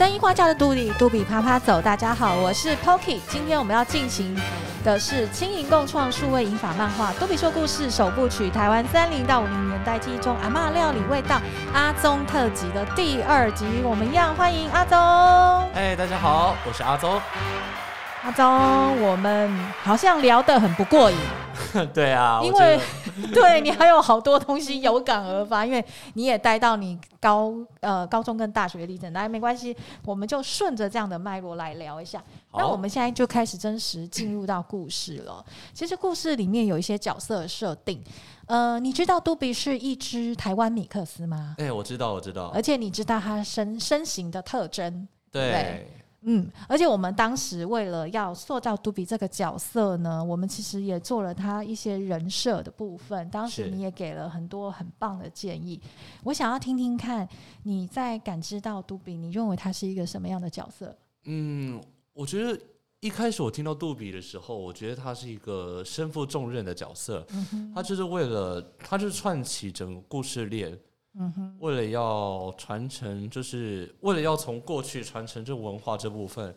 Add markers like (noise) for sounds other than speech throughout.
三一畫家的度比，度比趴趴走，大家好，我是 Poki，今天我們要進行的是青銀共創數位影法漫畫《度比說故事》首部曲《台灣三零到五零年代記憶中阿嬤料理味道阿宗特輯》的第二集，我們要歡迎阿宗。哎，hey, 大家好，我是阿宗。阿宗，我們好像聊得很不過癮。 (laughs) 對啊，因為覺 (laughs) 對，你還有好多東西有感而發，因為你也待到你高呃高中跟大學的歷程，來沒關係，我們就順着這樣的脈絡來聊一下。好那我們現在就開始真實進入到故事了。其實故事裡面有一些角色設定，呃，你知道度比是一隻台灣米克斯嗎？哎、欸，我知道，我知道。而且你知道它身身形的特徵？對。對嗯，而且我們當時為了要塑造度比這個角色呢，我們其實也做了他一些人設的部分，當時你也給了很多很棒的建議，是的 我想要聽聽看你在感知到度比，你認為他是一個什麼樣的角色？嗯，我覺得一開始我聽到度比的時候，我覺得他是一個身負重任的角色，嗯、哼他就是為了他就是串起整個故事鏈。嗯哼為，就是，為了要傳承，就是為了要從過去傳承這文化這部分，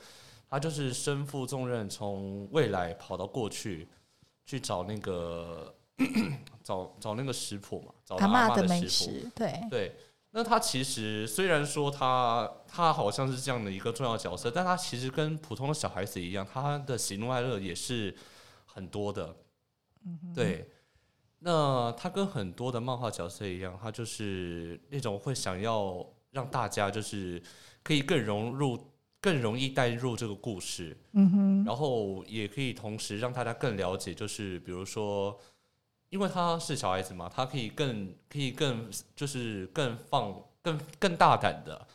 他就是身負重任，從未來跑到過去去找那個、嗯、哼找找那個食譜嘛，找阿嬤的食譜。美食對對，那他其實雖然說他他好像是這樣的一個重要角色，但他其實跟普通的小孩子一樣，他的喜怒哀樂也是很多的。嗯哼，對。那他跟很多的漫畫角色一樣，他就是那種會想要讓大家就是可以更融入、更容易帶入這個故事，嗯哼，然後也可以同時讓大家更了解，就是比如說，因為他是小孩子嘛，他可以更、可以更就是更放、更更大膽的，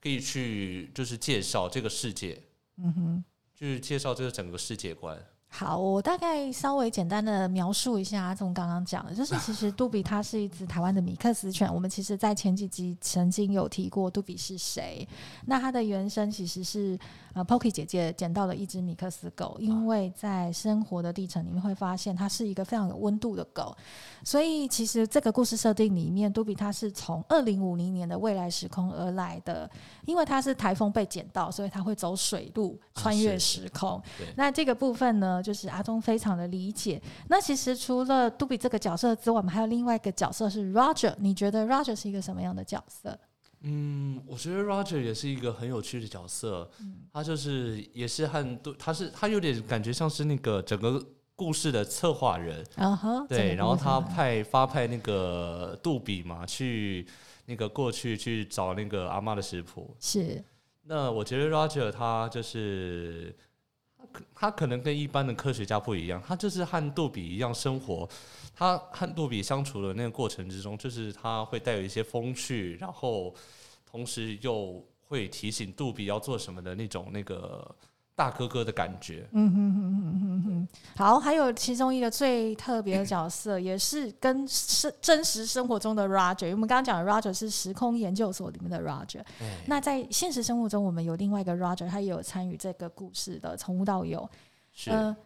可以去就是介紹這個世界，嗯哼，就是介紹這個整個世界觀。好，我大概稍微簡單的描述一下，阿宗剛剛講的就是，其實杜比它是一隻台灣的米克斯犬。啊、我們其實在前幾集曾經有提過杜比是誰，那它的原生其實是呃 Poki 姐姐撿到了一只米克斯狗，因為在生活的歷程裡面會發現它是一個非常有溫度的狗，所以其實這個故事設定裡面，杜比它是從二零五零年的未來時空而來的，因為它是台風被撿到，所以它會走水路穿越時空。啊、那這個部分呢？就是阿宗非常的理解。那其實除了度比這個角色之外，我們還有另外一個角色是 Roger。你覺得 Roger 是一個什麼樣的角色？嗯，我覺得 Roger 也是一個很有趣的角色。嗯、他就是也是很，杜他是他有點感覺像是那個整個故事的策劃人啊哈。Uh-huh, 對，然後他派發派那個度比嘛，去那個過去去找那個阿嬤的食譜。是。那我覺得 Roger 他就是。他可能跟一般的科學家不一樣，他就是和杜比一樣生活，他和杜比相處的那個過程之中，就是他會帶有一些風趣，然後同時又會提醒杜比要做什麼的那種那個。大哥哥的感覺，嗯哼哼哼哼哼。好，還有其中一個最特別的角色， (laughs) 也是跟生真實生活中的 Roger，我們剛剛講的 Roger 是時空研究所裡面的 Roger 唉。那在現實生活中，我們有另外一個 Roger，他也有參與這個故事的從無到有。是、呃，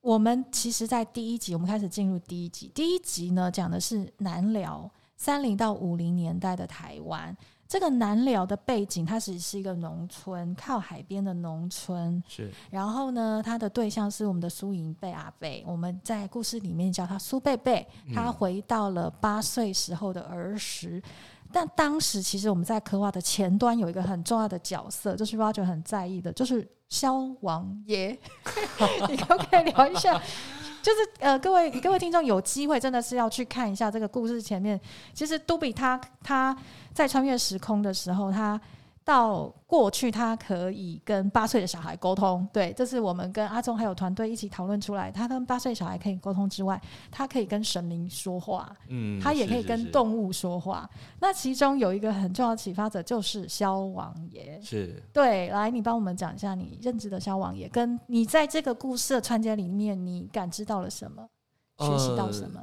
我們其實，在第一集，我們開始進入第一集。第一集呢，講的是南寮三零到五零年代的台灣。這個南寮的背景，它其實是一個農村，靠海邊的農村。是。然後呢，他的對象是我們的蘇瑩貝阿貝，我們在故事裡面叫他蘇貝貝。他回到了八歲時候的兒時，嗯、但當時其實我們在刻畫的前端有一個很重要的角色，就是 Roger 很在意的，就是蕭王爺。 (laughs) 你可不可以聊一下？ (laughs) 就是呃，各位各位聽眾有機會真的是要去看一下這個故事前面，其實度比他他在穿越時空的時候，他。到過去，他可以跟八歲的小孩溝通，對，這是我們跟阿宗還有團隊一起討論出來，他跟八歲小孩可以溝通之外，他可以跟神明說話，嗯，他也可以跟動物說話。是是是。那其中有一個很重要的啟發者就是蕭王爺，是對，來，你幫我們講一下你認知的蕭王爺，跟你在這個故事的串接裡面，你感知到了什麼，呃、學習到什麼。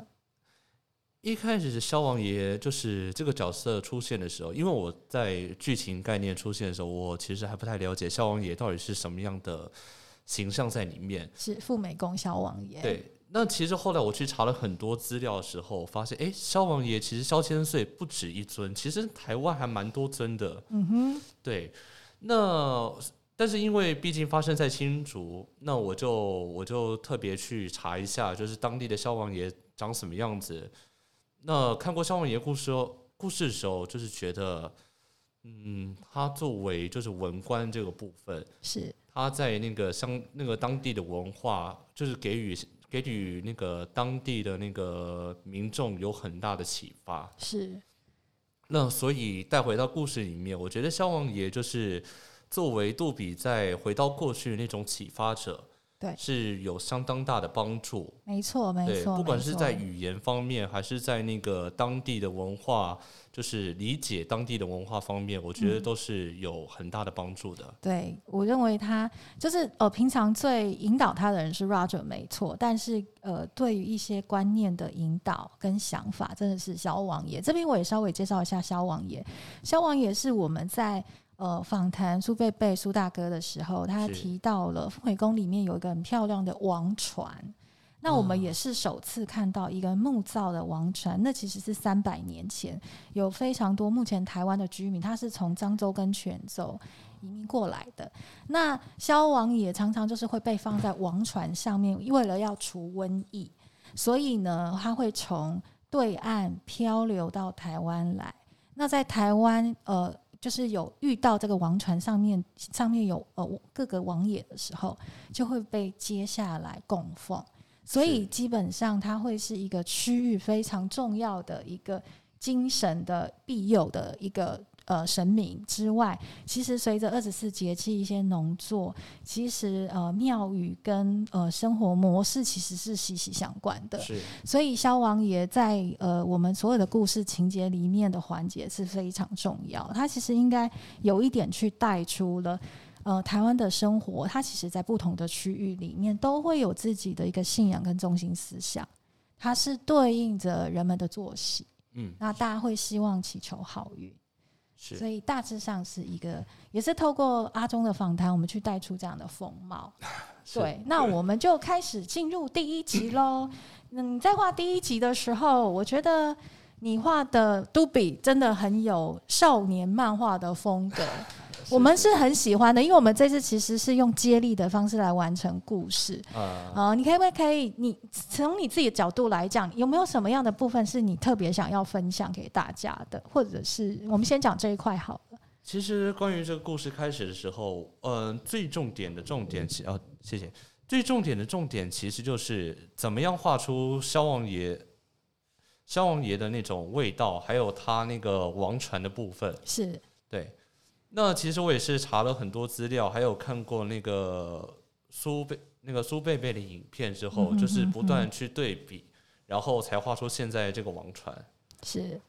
一開始是蕭王爺，就是這個角色出現的時候，因為我在劇情概念出現的時候，我其實還不太了解蕭王爺到底是什麼樣的形象在裡面。是富美宮蕭王爺。對，那其實後來我去查了很多資料的時候，發現，哎、欸，蕭王爺其實蕭千歲不止一尊，其實台灣還蠻多尊的。嗯哼。對，那但是因為畢竟發生在新竹，那我就我就特別去查一下，就是當地的蕭王爺長什麼樣子。那看過《蕭王爺》故事哦，故事的時候就是覺得，嗯，他作為就是文官這個部分。是。他在那個鄉那個當地的文化，就是給予給予那個當地的那個民眾有很大的啟發，是。那所以帶回到故事裡面，我覺得蕭王爺就是作為度比在回到過去的那種啟發者。對是有相當大的幫助。沒錯，沒錯，不管是在語言方面，錯還是在那個當地的文化，就是理解當地的文化方面，我覺得都是有很大的幫助的。嗯、對，我認為他就是呃，平常最引導他的人是 Roger，沒錯。但是呃，對於一些觀念的引導跟想法，真的是蕭王爺。這邊我也稍微介紹一下蕭王爺。蕭王爺是我們在。呃，訪談蘇貝貝、蘇大哥的時候，他提到了富美宮裡面有一個很漂亮的王船，是那我們也是首次看到一個木造的王船，哦、那其實是三百年前有非常多目前台灣的居民，他是從漳州跟泉州移民過來的。那蕭王爺常常就是會被放在王船上面，為了要除瘟疫，所以呢，他會從對岸漂流到台灣來。那在台灣，呃。就是有遇到這個王船上面，上面有呃各個王爺的時候，就會被接下來供奉，所以基本上它會是一個區域非常重要的一個精神的庇佑的一個。呃，神明之外，其實隨着二十四節氣一些農作，其實呃廟宇跟呃生活模式其實是息息相關的，是所以蕭王爺在呃我們所有的故事情節裡面的環節是非常重要，他其實應該有一點去帶出了呃台灣的生活，他其實在不同的區域裡面都會有自己的一個信仰跟中心思想，它是對應着人們的作息。嗯，那大家會希望祈求好運。是所以大致上是一個，也是透過阿宗的訪談，我們去帶出這樣的風貌。是對，那我們就開始進入第一集嘍。嗯， (coughs) 在畫第一集的時候，我覺得你畫的度比真的很有少年漫畫的風格。 (coughs) 是是我們是很喜歡的，因為我們這次其實是用接力的方式來完成故事。呃、啊，你可不可以，可以，你從你自己的角度來講，有沒有什麼樣的部分是你特別想要分享給大家的？或者是我們先講這一塊好了。其實關於這個故事開始的時候，嗯、呃，最重點的重點其哦，謝謝。最重點的重點其實就是怎麼樣畫出蕭王爺，蕭王爺的那種味道，還有他那個王船的部分，是對。那其實我也是查了很多資料，還有看過那個蘇貝那個蘇貝貝的影片之後，嗯哼嗯哼就是不斷去對比，然後才畫出現在這個網傳。是。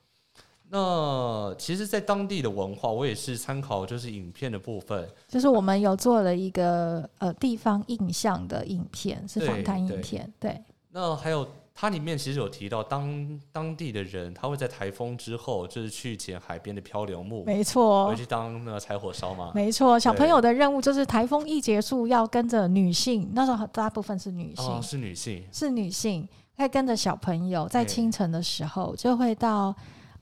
那其實，在當地的文化，我也是參考，就是影片的部分，就是我們有做了一個呃地方印象的影片，是訪談影片，對。對對那還有。它裡面其實有提到當，當當地的人他會在颱風之後，就是去撿海邊的漂流木，沒錯，回去當那個柴火燒嘛。沒錯，小朋友的任務就是颱風一結束，要跟着女性，那時候大部分是女性，是女性，是女性，再跟着小朋友，在清晨的時候就會到、欸、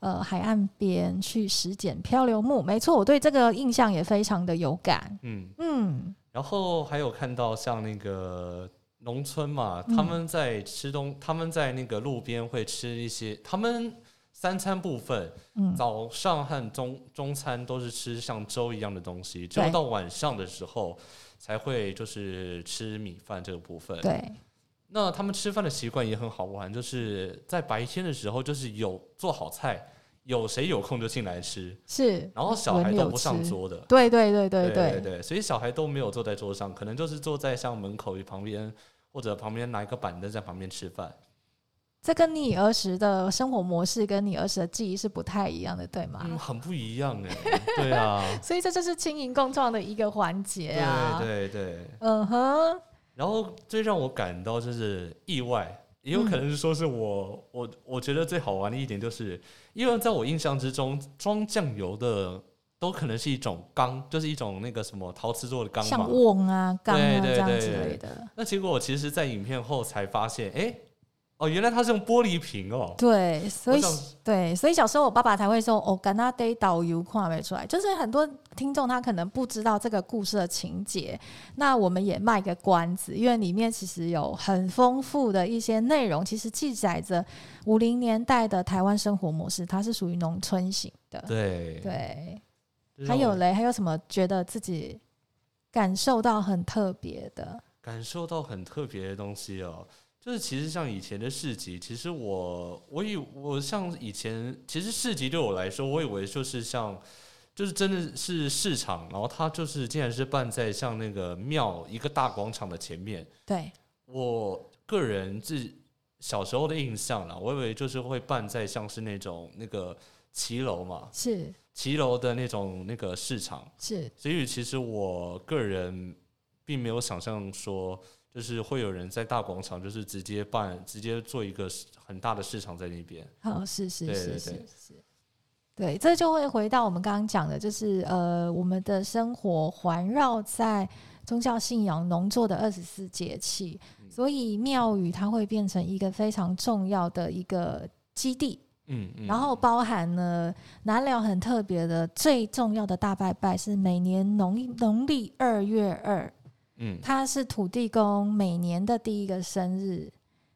呃海岸邊去拾撿漂流木。沒錯，我對這個印象也非常的有感。嗯嗯，嗯然後還有看到像那個。農村嘛，他們在吃東，嗯、他們在那個路邊會吃一些。他們三餐部分，嗯、早上和中中餐都是吃像粥一樣的東西，只要對到晚上的時候才會就是吃米飯這個部分。對，那他們吃飯的習慣也很好玩，就是在白天的時候，就是有做好菜，有誰有空就進來吃，是，然後小孩都不上桌的，對對對對對，對對對，所以小孩都沒有坐在桌上，可能就是坐在像門口一旁邊。或者旁邊拿一個板凳在旁邊吃飯，這跟你兒時的生活模式跟你兒時的記憶是不太一樣的，對嗎？嗯、很不一樣哎、欸，對啊。 (laughs) 所以這就是青銀共創的一個環節啊，對，對對，嗯哼、uh-huh、然後最讓我感到就是意外，也有可能是說是我、嗯、我我覺得最好玩的一點就是，因為在我印象之中裝醬油的。都可能是一種缸，就是一種那個什麼陶瓷做的缸，像甕啊、缸啊這樣之類的。那結果我其實，在影片後才發現，哎、欸，哦，原來它是用玻璃瓶哦。對，所以想對，所以小時候我爸爸才會說，哦，乾那得導遊跨沒出來。就是很多聽眾他可能不知道這個故事的情節，那我們也賣個關子，因為裡面其實有很豐富的一些內容，其實記載着五零年代的台灣生活模式，它是屬於農村型的。對對。對還有嘞，還有什麼覺得自己感受到很特別的？感受到很特別的東西哦、喔，就是其實像以前的市集，其實我我以我像以前，其實市集對我來說，我以為就是像，就是真的是市場，然後它就是竟然是辦在像那個廟一個大廣場的前面。對，我個人自小時候的印象啦，我以為就是會辦在像是那種那個騎樓嘛，是。騎樓的那種那個市場是，所以其實我個人並沒有想象說，就是會有人在大廣場，就是直接辦、直接做一個很大的市場在那邊。好、哦，是是，對對對是是是是，對，這就會回到我們剛剛講的，就是呃，我們的生活環繞在宗教信仰、農作的二十四節氣，嗯、所以廟宇它會變成一個非常重要的一個基地。嗯，嗯，然後包含了南寮很特別的最重要的大拜拜是每年農農曆二月二，嗯，它是土地公每年的第一個生日，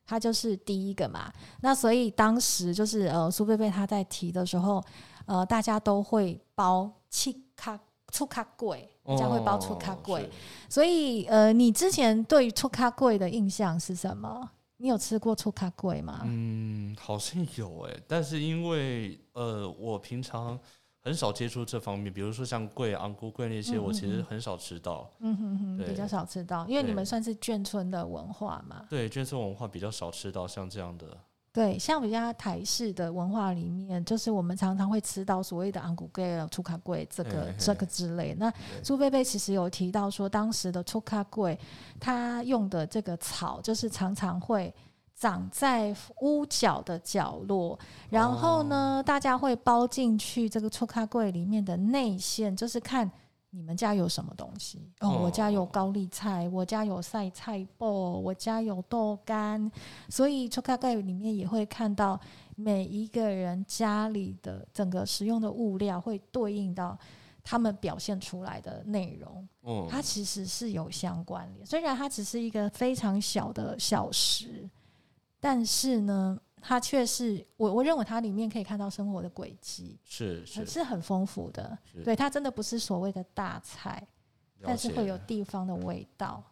它就是第一個嘛。那所以當時就是呃蘇菲菲他在提的時候，呃大家都會包厝角厝角粿，大、哦、家會包厝角粿。是所以呃你之前對厝角粿的印象是什麼？你有吃過厝角粿嗎？嗯，好像有誒、欸。但是因為呃，我平常很少接觸這方面，比如說像粿啊、菇粿那些，嗯、哼哼我其實很少吃到。嗯哼哼，對比較少吃到，因為你們算是眷村的文化嘛。對，眷村文化比較少吃到像這樣的。對，像比較台式的文化裡面，就是我們常常會吃到所謂的“昂古蓋”、“厝角粿”這個、這個之類。嘿嘿那對朱貝貝其實有提到說，當時的厝角粿，它用的這個草，就是常常會長在屋角的角落，然後呢，哦、大家會包進去這個厝角粿裡面的內餡，就是看。你們家有什麼東西？哦，我家有高麗菜，我家有曬菜，我家有豆干，所以抽開概裡面也會看到每一個人家裡的整個使用的物料會對應到他們表現出來的內容。哦、它其實是有相關聯，雖然它只是一個非常小的小時，但是呢。它卻是我我認為它裡面可以看到生活的軌跡，是是很豐富的。是對，它真的不是所謂的大菜，了解了但是會有地方的味道。嗯、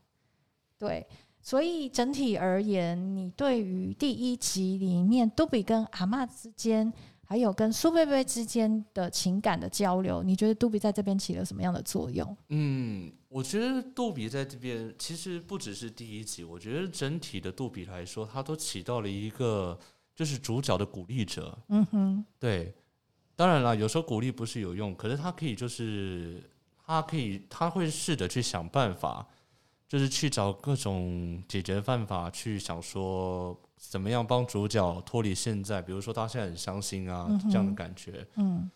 對，所以整體而言，你對於第一集裡面度比跟阿嬤之間，還有跟蘇貝貝之間的情感的交流，你覺得度比在這邊起了什麼樣的作用？嗯，我覺得度比在這邊其實不只是第一集，我覺得整體的度比來說，它都起到了一個。就是主角的鼓勵者，嗯哼，對，當然啦。有時候鼓勵不是有用，可是他可以，就是他可以，他會試着去想辦法，就是去找各種解決辦法，去想說怎麼樣幫主角脫離現在，比如說他現在很傷心啊，嗯哼，這樣的感覺，嗯，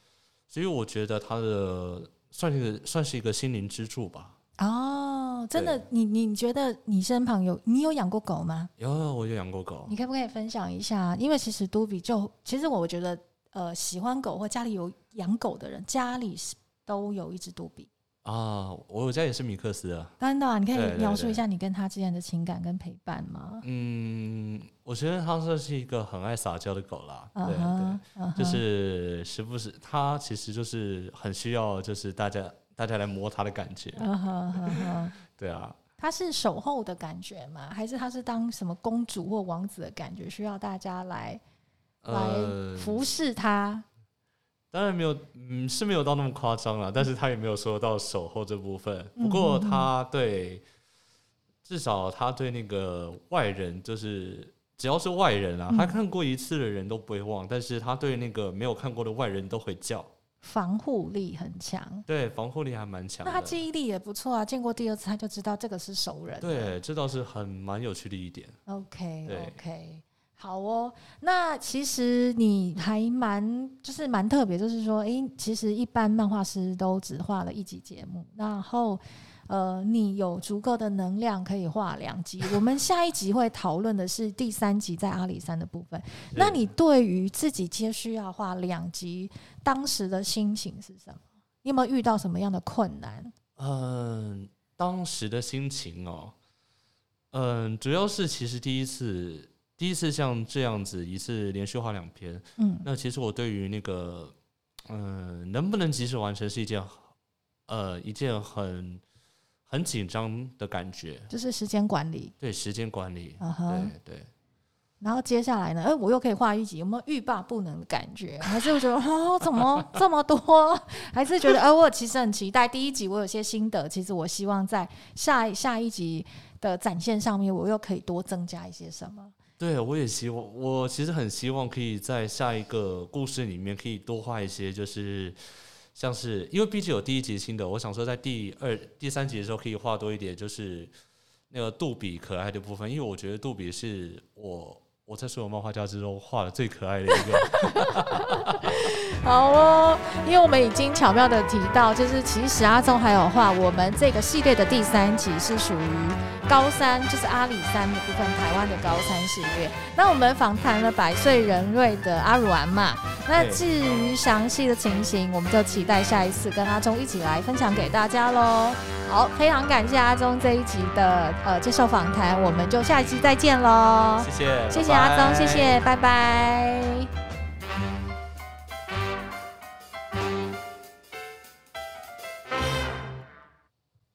所以我覺得他的算是算是一個心靈支柱吧，哦。哦、真的，對你你覺得你身旁有你有養過狗嗎？有，有，我有養過狗。你可不可以分享一下？因為其實度比就其實我覺得，呃，喜歡狗或家裡有養狗的人，家裡是都有一隻度比啊。我家也是米克斯啊。當然、啊，你可以描述一下你跟他之間的情感跟陪伴嗎？對對對，嗯，我覺得他這是一個很愛撒嬌的狗啦。對、uh huh, 對，對 uh huh、就是時不時他其實就是很需要，就是大家。大家來摸他的感覺，uh，huh, uh huh. (laughs) 對啊，他是守候的感覺嗎？還是他是當什麼公主或王子的感覺，需要大家來來服侍他？呃，當然沒有，嗯，是沒有到那麼誇張了。嗯、但是他也沒有說到守候這部分。嗯、不過他對，至少他對那個外人，就是只要是外人啊，嗯、他看過一次的人都不會忘。但是他對那個沒有看過的外人都會叫。防護力很強，對，防護力還蠻強。那他記憶力也不錯啊，見過第二次他就知道這個是熟人。對，這倒是很蠻有趣的一點。OK，OK，對，okay. 好哦。那其實你還蠻就是蠻特別，就是說，欸，其實一般漫畫師都只畫了一集節目，然後。呃，你有足夠的能量可以畫兩集。 (laughs) 我們下一集會討論的是第三集在阿里山的部分。是那你對於自己接需要畫兩集，當時的心情是什麼？你有沒有遇到什麼樣的困難？嗯、呃，當時的心情哦、喔，嗯、呃，主要是其實第一次，第一次像這樣子一次連續畫兩篇，嗯，那其實我對於那個，嗯、呃，能不能及時完成是一件，呃，一件很，很緊張的感覺，就是時間管、管理。Uh huh、對，時間管理。對，然後接下來呢？哎、欸，我又可以畫一集，有沒有欲罷不能的感覺？還是我覺得 (laughs) 哦，怎麼這麼多？還是覺得哎、欸，我其實很期待第一集，我有些心得。其實我希望在下一下一集的展現上面，我又可以多增加一些什麼？對，我也希望，我其實很希望可以在下一個故事裡面可以多畫一些，就是。像是，因為畢竟有第一集新的，我想說在第二、第三集的時候可以畫多一點，就是那個杜比可愛的部分，因為我覺得杜比是我。我在所有漫畫家之中畫的最可愛的一個。 (laughs) 好哦，因為我們已經巧妙的提到，就是其實阿宗還有畫我們這個系列的第三集是屬於高山，就是阿里山的部分，台灣的高山系列。那我們訪談了百歲人瑞的阿魯安嘛，那至於詳細的情形，我們就期待下一次跟阿宗一起來分享給大家嘍。好，非常感謝阿宗這一集的呃接受訪談，我們就下一期再見嘍。謝謝，謝謝阿宗，拜拜謝謝，拜拜。